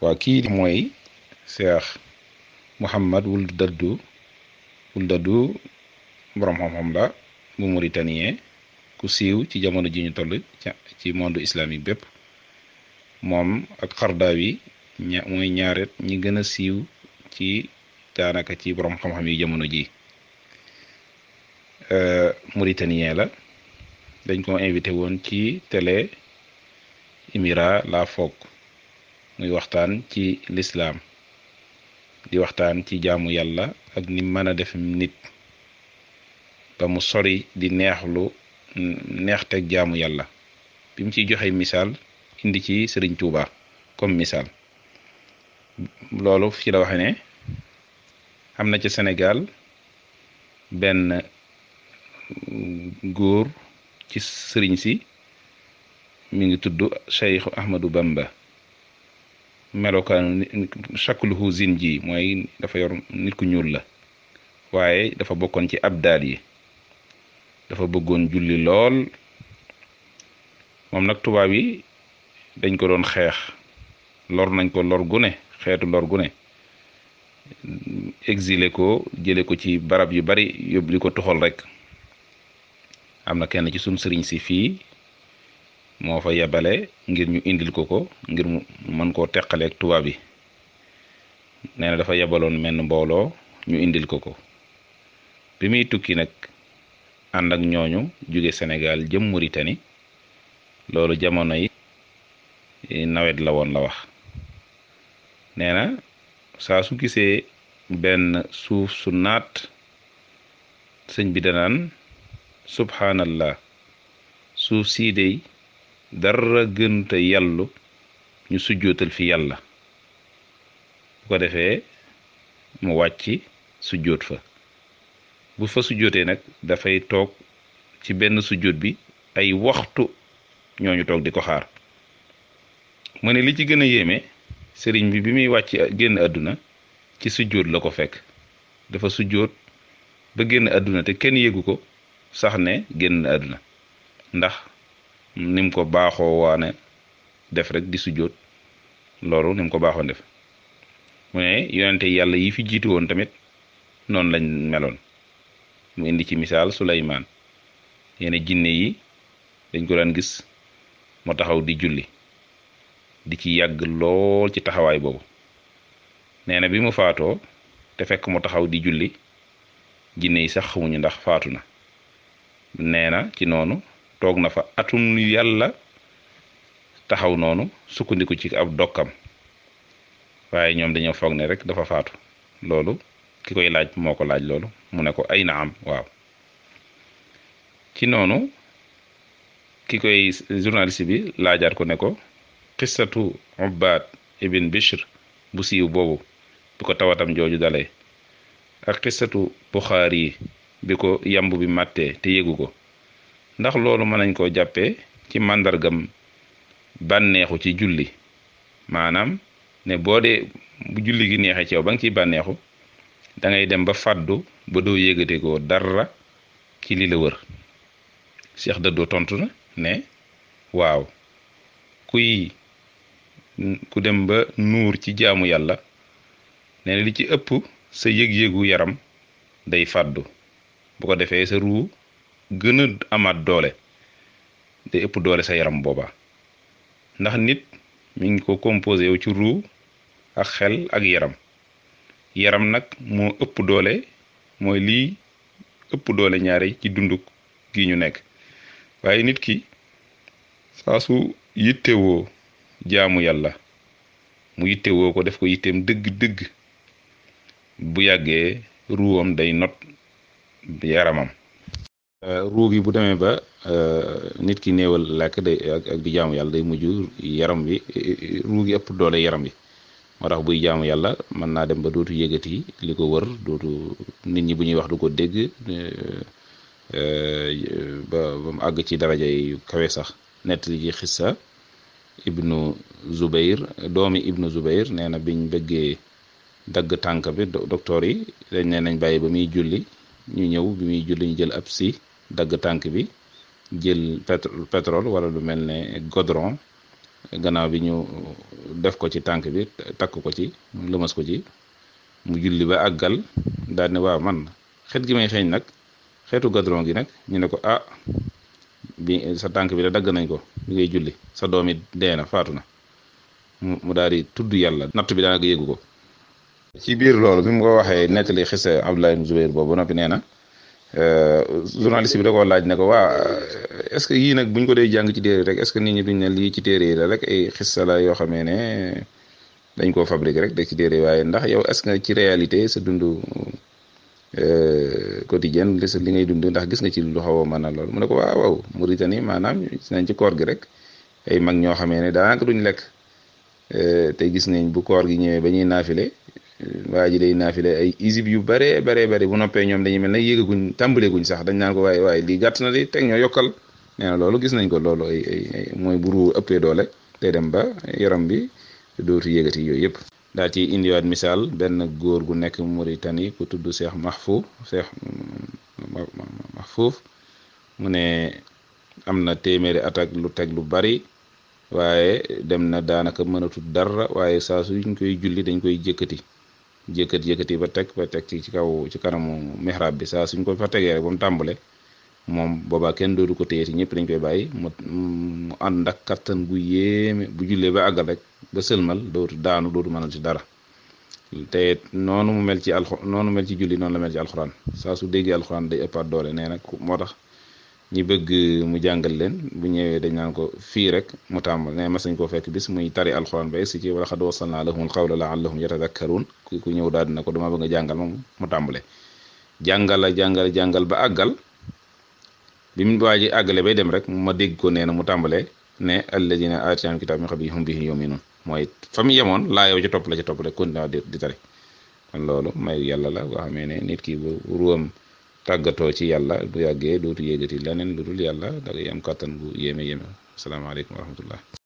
waaw kii mooy seex Muhammad wul daddu wul daddu borom xam-xam la bu mauritanien ku siiw ci jamono ji ñu toll ci monde islamique bépp moom ak Xardaawi ña mooy ñi gën a siiw ci daanaka ci borom xam-xam yi jamono ji euh, mauritanien la dañ ko invité woon ci télé Émirat la fook muy waxtaan ci lislaam di waxtaan ci jaamu yàlla ak ni mën a def nit ba mu sori di neexlu neexteeg jaamu yàlla bi mu ciy joxe misaal indi ci sëriñ Tuuba comme misaal loolu ci la waxe ne am na ci Sénégal benn góor ci sëriñ si mu ngi tudd Cheikh Ahmadou Bamba melokaanu shakluhu zinji mooy dafa yor nit ku ñuul la waaye dafa bokkoon ci ab abdaal yi dafa bëggoon julli lool moom nag tubaab yi dañ ko doon xeex lor nañ ko lor gune xeetu lor gune exilé ko jële ko ci barab yu bari yóbbu ko tuxal rek am na kenn ci suñ sëriñ si fii moo fa yebale ngir ñu indil ko ko ngir mu mën koo teqaleeg tubaab yi nee na dafa yebaloon menn mbooloo ñu indil ko ko bi muy tukki nag ànd ñooñu jóge Sénégal jëm Mauritanie loolu jamono yi nawet la woon la wax nee na saa su gisee benn suuf su naat sëñ bi danaan subhanallah suuf sii dey dara gënta yàllu ñu sujjootal fi yàlla bu ko defee mu wàcc sujjoot fa bu fa sujjootee nag dafay toog ci benn sujjoot bi ay waxtu ñoo ñooñu toog di ko xaar mu ne li ci gën a yéeme sëriñ bi bi muy wàcc génn àdduna ci sujjoot la ko fekk dafa sujjoot ba génn àdduna te kenn yéegu ko sax ne génn àdduna ndax nim ko baaxoo waane def rek di sujjóot loolu nim ko baaxoon def mu ne yonente yàlla yi fi jiitu woon tamit noonu lañ meloon mu indi ci misaal suleymaan yene jinne yi dañ ko daan gis mo taxaw di julli di ci yàgg lool ci taxawaay boobu nee na bi mu faatoo te fekk mu taxaw di julli jinne yi sax xamuñu ndax faatu na nee na ci noonu toog na fa atum yàlla taxaw noonu sukkandiku ci ab dokkam waaye ñoom dañoo foog ne rek dafa faatu loolu ki koy laaj moo ko laaj loolu mu ne ko ay na am waaw ci noonu ki koy journaliste bi laajaat ko ne ko xissatu Ubbaad ibn Bishr bu siiw boobu bi ko tawatam jooju dalee ak xissatu Buxaari yi bi ko yamb bi màttee te yëgu ko ndax loolu mën nañ koo jàppee ci màndargam bànneexu ci julli maanaam ne boo dee bu julli gi neexee ci ba nga ci bànneexu da ngay dem ba fàddu ba doo yëgate ko dara ci li la wër Cheikh Dado tontu na ne waaw kuy ku dem ba nuur ci jaamu yàlla ne li ci ëpp sa yëg-yëgu yaram day fàddu bu ko defee sa ruu gën a amaat doole day ëpp doole sa yaram booba ndax nit mu ngi ko composé yow ci ruuw ak xel ak yaram yaram nag moo ëpp doole mooy lii ëpp doole ñaare ci dunduk gi ñu nekk waaye nit ki saa su yittewoo jaamu yàlla mu yittewoo ko def ko yitteem dëgg-dëgg bu yàggee ruwam day not yaramam Euh, ruug yi bu demee ba euh, nit ki néewal lekk day ak di jaamu yàlla day mujj yaram wi ruug yi ëpp doole yaram wi moo tax buy jaamu yàlla mën naa dem ba dootu yëgati li ko wër dootu nit ñi bu ñuy wax du ko dégg euh, ba ba mu àgg ci daraja yu kawe sax nettali ji xissa ibnu Zubair doomi ibnu Zubair nee na biñ bëggee dagg tànk bi docteur yi dañ ne nañ bàyyi ba muy julli ñu ñëw bi muy julli ñu jël ab si dagg tànk bi jël pétrole wala lu mel ne godron gannaaw bi ñu def ko ci tànk bi takk ko ci lëmas ko ci mu julli ba àggal daal ne waaw man xet gi may xeeñ nag xeetu gadron gi nag ñu ne ko ah bi sa tank bi da dagg nañ ko bi ngay julli sa doom it dee na faatu na mu daal di tudd yàlla natt bi daanaka yëgu ko ci biir loolu bi mu ko waxee nettali xisa Abdullah ibn Zubayr boobu noppi nee na Euh, journaliste bi da koo laaj ne ko waa euh, est ce que yii nag buñ ko dee jàng ci téere rek est que nit ñi duñ ne lii ci téere yi la rek ay xissa la yoo xamee ne dañ koo fabriqué rek ci téere waaye ndax yow est ce que ci réalité sa dund euh, quotidien sa li ngay dund ndax gis nga ci lu xaw a mën a lool mu ne ko waaw waaw Mauritanie maanaam gis nañ ci koor gi rek ay mag ñoo xamee ne daanaka duñ lekk te gis nañ bu koor gi ñëwee ba ñuy naafile waa ji day naafile ay isib yu bare bare bare bu noppee ñoom dañuy mel ne yéegaguñ tàmbaleeguñ sax dañ naan ko waaye waaye lii gàtt na di teg ñoo yokkal loolu gis nañ ko loolu ay ëppee doole day dem ba yaram bi dootu yéegati yooyu yëpp daa ci indiwaat misaal benn góor gu nekk Mauritanie ku tudd Cheikh Mahfouf Cheikh Mahfouf mu ne am na téeméeri at ak teg lu bari waaye dem na daanaka mënatul dara waaye saa suñ koy julli dañ koy jëkkati yëkkat yëkkati ba teg ba teg ci kaw ci kanamu mihrab bi saa suñ ko fa tegee rek ba mu tàmbale moom boobaa kenn doodu ko téye ci ñëpp dañ koy bàyyi mu mu ànd ak kattan gu yéeme bu jullee ba àggal rek ba sëlmal dootu daanu dootu mënal ci dara te noonu mu mel ci alxu noonu mel ci julli noonu la mel ci alxuraan saa su déggee alxuraan day ëppaat doole nee nag moo tax ñi bëgg mu jàngal leen bu ñëwee dañ naan ko fii rek mu tàmbal ne mas nañ koo fekk bis muy tari alxuraan ba egsi ci wala xad wasalna la qawla laallahum yatadakkaruun ku ñëw daal dina ko dama bëgg a jàngal moom mu tàmbale jàngal jàngal jàngal ba àggal bi mu waa ji àggale bay dem rek ma dégg ko nee na mu tàmbalee ne alladina aatinaahum kitaab min qablihum bihi yuminuun mooy fa mu yemoon laa yow ci topp la ci topp rek continué di tari kon loolu mayu yàlla la boo xamee ne nit ki bu tàggatoo ci yàlla bu yàggee dootu yéegati leneen lu dul yàlla da ngay kattan kàttan gu yéeme yéeme asalaamaaleykum wa rahmatullah